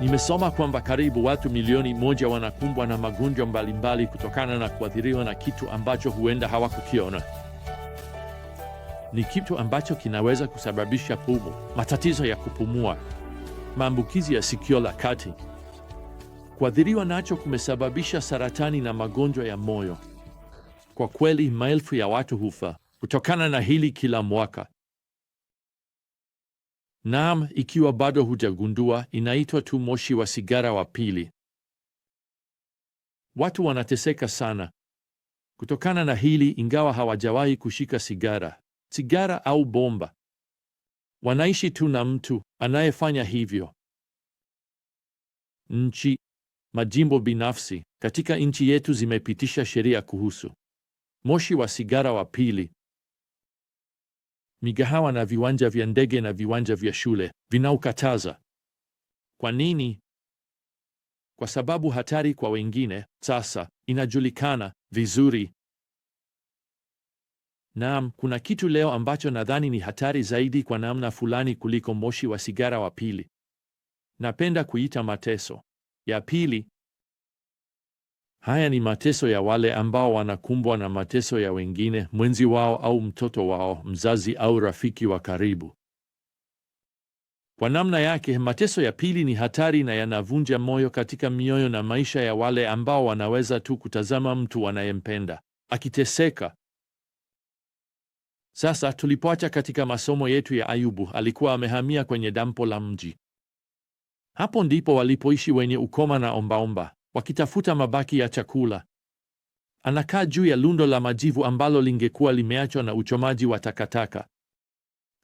Nimesoma kwamba karibu watu milioni moja wanakumbwa na magonjwa mbalimbali kutokana na kuathiriwa na kitu ambacho huenda hawakukiona. Ni kitu ambacho kinaweza kusababisha pumu, matatizo ya kupumua, maambukizi ya sikio la kati. Kuathiriwa nacho kumesababisha saratani na magonjwa ya moyo. Kwa kweli, maelfu ya watu hufa kutokana na hili kila mwaka. Naam, ikiwa bado hujagundua, inaitwa tu moshi wa sigara wa pili. Watu wanateseka sana kutokana na hili, ingawa hawajawahi kushika sigara, sigara au bomba. Wanaishi tu na mtu anayefanya hivyo. Nchi, majimbo binafsi katika nchi yetu zimepitisha sheria kuhusu moshi wa sigara wa pili migahawa na viwanja vya ndege na viwanja vya shule vinaukataza. Kwa nini? Kwa sababu hatari kwa wengine sasa inajulikana vizuri. Naam, kuna kitu leo ambacho nadhani ni hatari zaidi kwa namna fulani kuliko moshi wa sigara wa pili. Napenda kuita mateso ya pili. Haya ni mateso ya wale ambao wanakumbwa na mateso ya wengine, mwenzi wao au mtoto wao, mzazi au rafiki wa karibu. Kwa namna yake, mateso ya pili ni hatari na yanavunja moyo katika mioyo na maisha ya wale ambao wanaweza tu kutazama mtu wanayempenda akiteseka. Sasa tulipoacha katika masomo yetu ya Ayubu, alikuwa amehamia kwenye dampo la mji. Hapo ndipo walipoishi wenye ukoma na ombaomba wakitafuta mabaki ya chakula. Anakaa juu ya lundo la majivu ambalo lingekuwa limeachwa na uchomaji wa takataka.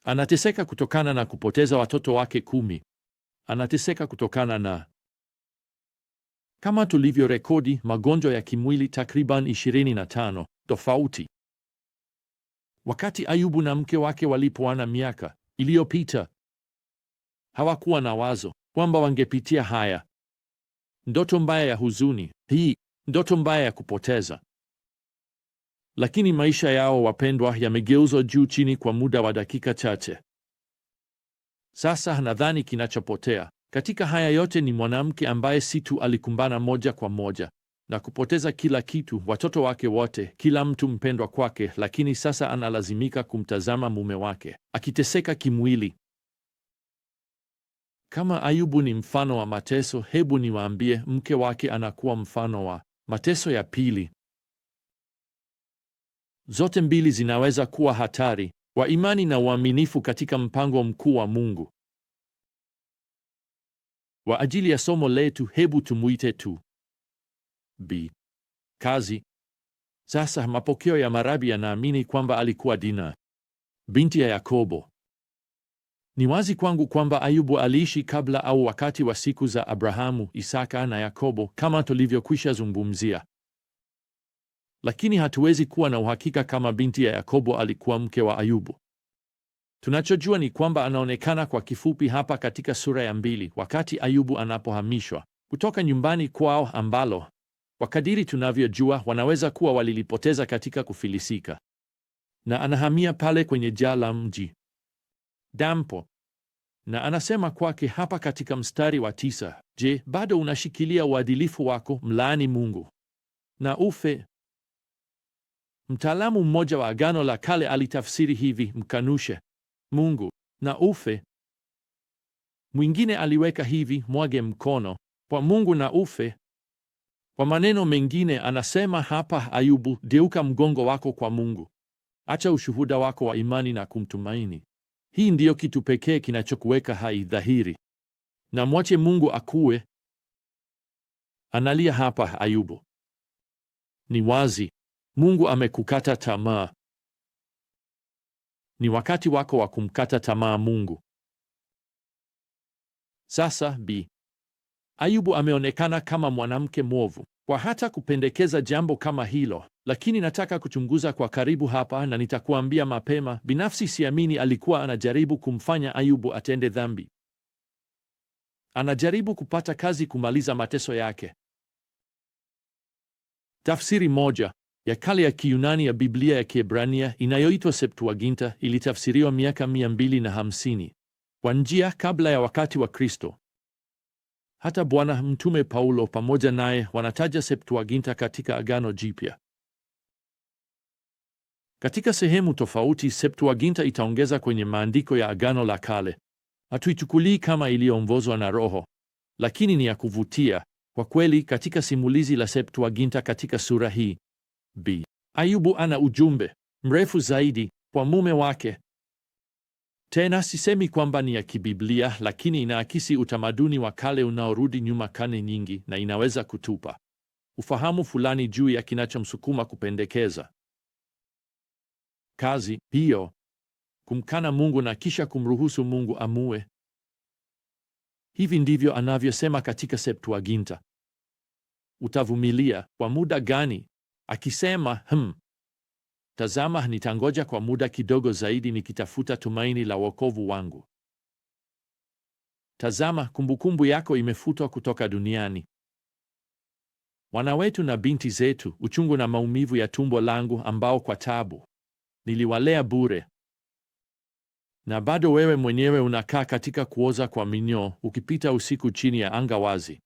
Anateseka kutokana na kupoteza watoto wake kumi. Anateseka kutokana na kama tulivyorekodi magonjwa ya kimwili takriban 25 tofauti. Wakati Ayubu na mke wake walipoana miaka iliyopita, hawakuwa na wazo kwamba wangepitia haya ndoto mbaya ya huzuni hii, ndoto mbaya ya kupoteza. Lakini maisha yao wapendwa, yamegeuzwa juu chini kwa muda wa dakika chache. Sasa nadhani kinachopotea katika haya yote ni mwanamke ambaye si tu alikumbana moja kwa moja na kupoteza kila kitu, watoto wake wote, kila mtu mpendwa kwake, lakini sasa analazimika kumtazama mume wake akiteseka kimwili kama Ayubu ni mfano wa mateso, hebu niwaambie, mke wake anakuwa mfano wa mateso ya pili. Zote mbili zinaweza kuwa hatari kwa imani na uaminifu katika mpango mkuu wa Mungu. Kwa ajili ya somo letu, hebu tumuite tu Bi Kazi. Sasa, mapokeo ya marabi yanaamini kwamba alikuwa Dina binti ya Yakobo. Ni wazi kwangu kwamba Ayubu aliishi kabla au wakati wa siku za Abrahamu, Isaka na Yakobo kama tulivyokwisha zungumzia. Lakini hatuwezi kuwa na uhakika kama binti ya Yakobo alikuwa mke wa Ayubu. Tunachojua ni kwamba anaonekana kwa kifupi hapa katika sura ya mbili wakati Ayubu anapohamishwa kutoka nyumbani kwao ambalo kwa kadiri tunavyojua wanaweza kuwa walilipoteza katika kufilisika, na anahamia pale kwenye jaa la mji dampo. Na anasema kwake hapa katika mstari wa tisa, je, bado unashikilia uadilifu wako? Mlaani Mungu na ufe. Mtaalamu mmoja wa Agano la Kale alitafsiri hivi, mkanushe Mungu na ufe. Mwingine aliweka hivi, mwage mkono kwa Mungu na ufe. Kwa maneno mengine, anasema hapa Ayubu, geuka mgongo wako kwa Mungu, acha ushuhuda wako wa imani na kumtumaini. Hii ndiyo kitu pekee kinachokuweka hai dhahiri. Na mwache Mungu akuwe. Analia hapa Ayubu. Ni wazi Mungu amekukata tamaa. Ni wakati wako wa kumkata tamaa Mungu. Sasa Bi Ayubu ameonekana kama mwanamke mwovu kwa hata kupendekeza jambo kama hilo, lakini nataka kuchunguza kwa karibu hapa, na nitakuambia mapema, binafsi siamini alikuwa anajaribu kumfanya Ayubu atende dhambi. Anajaribu kupata kazi, kumaliza mateso yake. Tafsiri moja ya kale ya Kiyunani ya Biblia ya Kiebrania inayoitwa Septuaginta ilitafsiriwa miaka 250 kwa njia kabla ya wakati wa Kristo. Hata Bwana Mtume Paulo pamoja naye wanataja Septuaginta katika Agano Jipya. Katika sehemu tofauti, Septuaginta itaongeza kwenye maandiko ya Agano la Kale. Hatuichukulii kama iliyoongozwa na Roho, lakini ni ya kuvutia kwa kweli. Katika simulizi la Septuaginta katika sura hii B, Ayubu ana ujumbe mrefu zaidi kwa mume wake tena sisemi kwamba ni ya kibiblia, lakini inaakisi utamaduni wa kale unaorudi nyuma karne nyingi, na inaweza kutupa ufahamu fulani juu ya kinachomsukuma kupendekeza kazi hiyo, kumkana Mungu na kisha kumruhusu Mungu amue. Hivi ndivyo anavyosema katika Septuaginta: utavumilia kwa muda gani? Akisema, hm, Tazama, nitangoja kwa muda kidogo zaidi nikitafuta tumaini la wokovu wangu. Tazama, kumbukumbu yako imefutwa kutoka duniani. Wana wetu na binti zetu, uchungu na maumivu ya tumbo langu ambao kwa tabu niliwalea bure. Na bado wewe mwenyewe unakaa katika kuoza kwa minyoo, ukipita usiku chini ya anga wazi.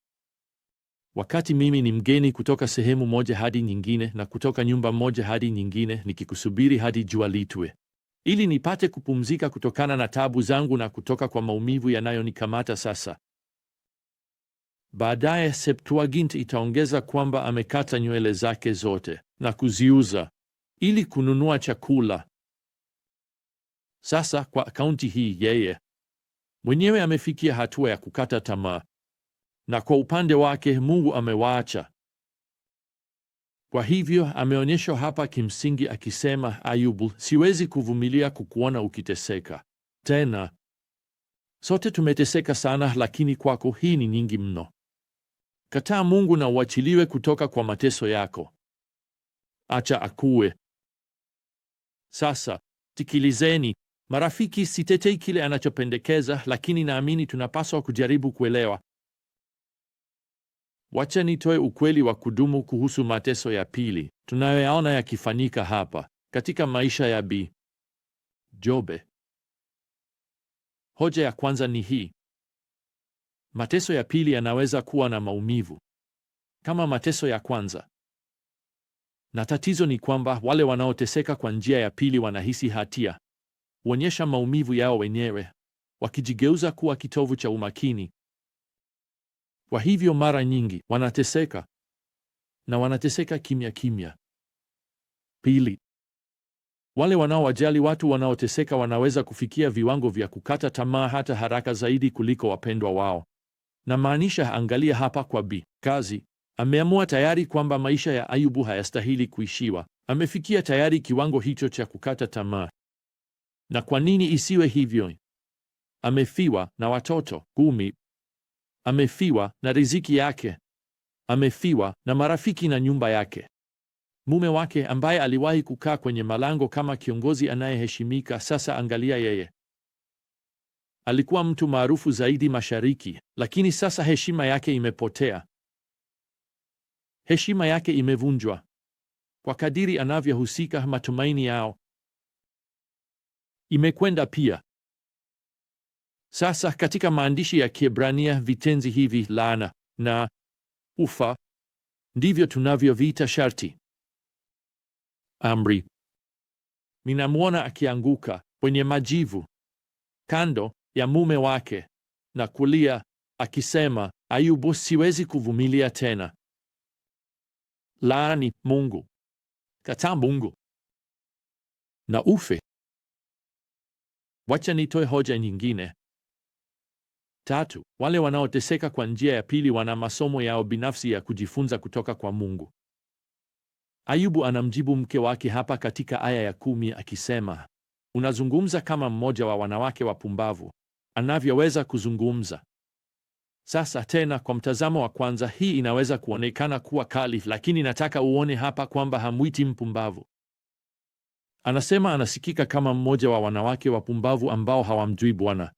Wakati mimi ni mgeni kutoka sehemu moja hadi nyingine na kutoka nyumba moja hadi nyingine, nikikusubiri hadi jua litwe, ili nipate kupumzika kutokana na tabu zangu na kutoka kwa maumivu yanayonikamata sasa. Baadaye Septuagint itaongeza kwamba amekata nywele zake zote na kuziuza ili kununua chakula. Sasa kwa akaunti hii, yeye mwenyewe amefikia hatua ya kukata tamaa na kwa upande wake Mungu amewaacha. Kwa hivyo ameonyeshwa hapa kimsingi akisema, Ayubu, siwezi kuvumilia kukuona ukiteseka tena. Sote tumeteseka sana, lakini kwako hii ni nyingi mno. Kataa Mungu na uachiliwe kutoka kwa mateso yako. Acha akuwe. Sasa sikilizeni marafiki, sitetei kile anachopendekeza, lakini naamini tunapaswa kujaribu kuelewa Wacha nitoe ukweli wa kudumu kuhusu mateso ya pili tunayoyaona yakifanyika hapa katika maisha ya Bi Jobe. Hoja ya kwanza ni hii: mateso ya pili yanaweza kuwa na maumivu kama mateso ya kwanza, na tatizo ni kwamba wale wanaoteseka kwa njia ya pili wanahisi hatia, huonyesha maumivu yao wenyewe, wakijigeuza kuwa kitovu cha umakini kwa hivyo mara nyingi wanateseka na wanateseka kimya kimya. Pili, wale wanaowajali watu wanaoteseka wanaweza kufikia viwango vya kukata tamaa hata haraka zaidi kuliko wapendwa wao. Namaanisha, angalia hapa kwa Bi Kazi. Ameamua tayari kwamba maisha ya Ayubu hayastahili kuishiwa. Amefikia tayari kiwango hicho cha kukata tamaa. Na kwa nini isiwe hivyo? Amefiwa na watoto kumi amefiwa na riziki yake, amefiwa na marafiki na nyumba yake. Mume wake ambaye aliwahi kukaa kwenye malango kama kiongozi anayeheshimika, sasa angalia yeye. Alikuwa mtu maarufu zaidi mashariki, lakini sasa heshima yake imepotea. Heshima yake imevunjwa kwa kadiri anavyohusika, matumaini yao imekwenda pia. Sasa katika maandishi ya Kiebrania vitenzi hivi laana na ufa ndivyo tunavyoviita sharti amri. Ninamwona akianguka kwenye majivu kando ya mume wake na kulia akisema, Ayubu, siwezi kuvumilia tena. Laani Mungu, kataa Mungu na ufe. Wacha nitoe hoja nyingine Tatu, wale wanaoteseka kwa njia ya pili wana masomo yao binafsi ya kujifunza kutoka kwa Mungu. Ayubu anamjibu mke wake hapa katika aya ya kumi akisema, unazungumza kama mmoja wa wanawake wapumbavu anavyoweza kuzungumza. Sasa tena, kwa mtazamo wa kwanza, hii inaweza kuonekana kuwa kali, lakini nataka uone hapa kwamba hamwiti mpumbavu. Anasema anasikika kama mmoja wa wanawake wapumbavu ambao hawamjui Bwana.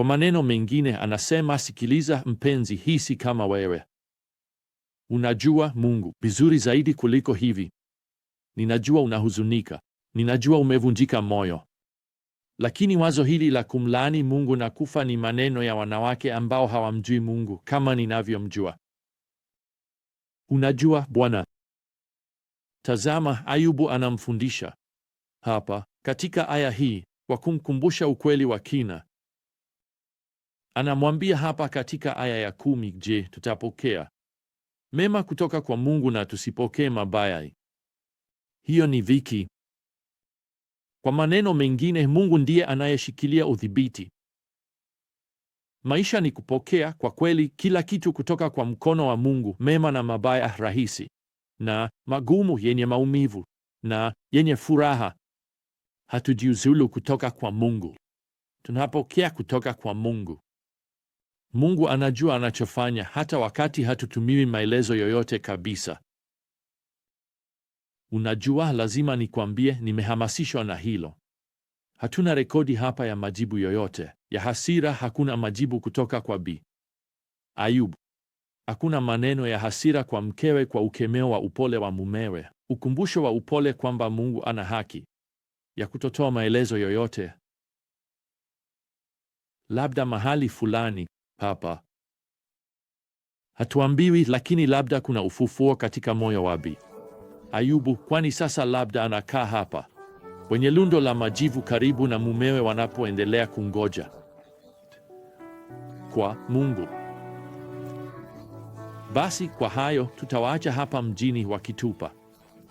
Kwa maneno mengine anasema, sikiliza mpenzi, hisi kama wewe unajua Mungu vizuri zaidi kuliko hivi. Ninajua unahuzunika, ninajua umevunjika moyo, lakini wazo hili la kumlaani Mungu na kufa ni maneno ya wanawake ambao hawamjui Mungu kama ninavyomjua. Unajua Bwana, tazama, Ayubu anamfundisha hapa katika aya hii kwa kumkumbusha ukweli wa kina Anamwambia hapa katika aya ya kumi, je, tutapokea mema kutoka kwa Mungu na tusipokee mabaya? Hiyo ni viki Kwa maneno mengine, Mungu ndiye anayeshikilia udhibiti. Maisha ni kupokea kwa kweli kila kitu kutoka kwa mkono wa Mungu, mema na mabaya, rahisi na magumu, yenye maumivu na yenye furaha. Hatujiuzulu kutoka kwa Mungu, tunapokea kutoka kwa Mungu. Mungu anajua anachofanya hata wakati hatutumiwi maelezo yoyote kabisa. Unajua, lazima nikwambie, nimehamasishwa na hilo. Hatuna rekodi hapa ya majibu yoyote ya hasira. Hakuna majibu kutoka kwa Bi Ayubu. Hakuna maneno ya hasira kwa mkewe, kwa ukemeo wa upole wa mumewe, ukumbusho wa upole kwamba Mungu ana haki ya kutotoa maelezo yoyote. Labda mahali fulani hapa. Hatuambiwi, lakini labda kuna ufufuo katika moyo wa Bi Ayubu, kwani sasa labda anakaa hapa kwenye lundo la majivu karibu na mumewe wanapoendelea kungoja kwa Mungu. Basi kwa hayo tutawaacha hapa mjini wakitupa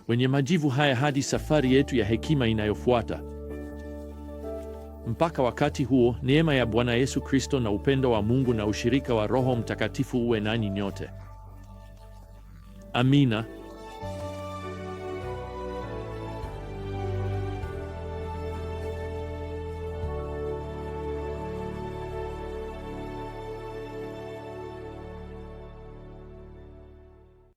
kwenye majivu haya hadi safari yetu ya hekima inayofuata. Mpaka wakati huo, neema ya Bwana Yesu Kristo na upendo wa Mungu na ushirika wa Roho Mtakatifu uwe nanyi nyote. Amina.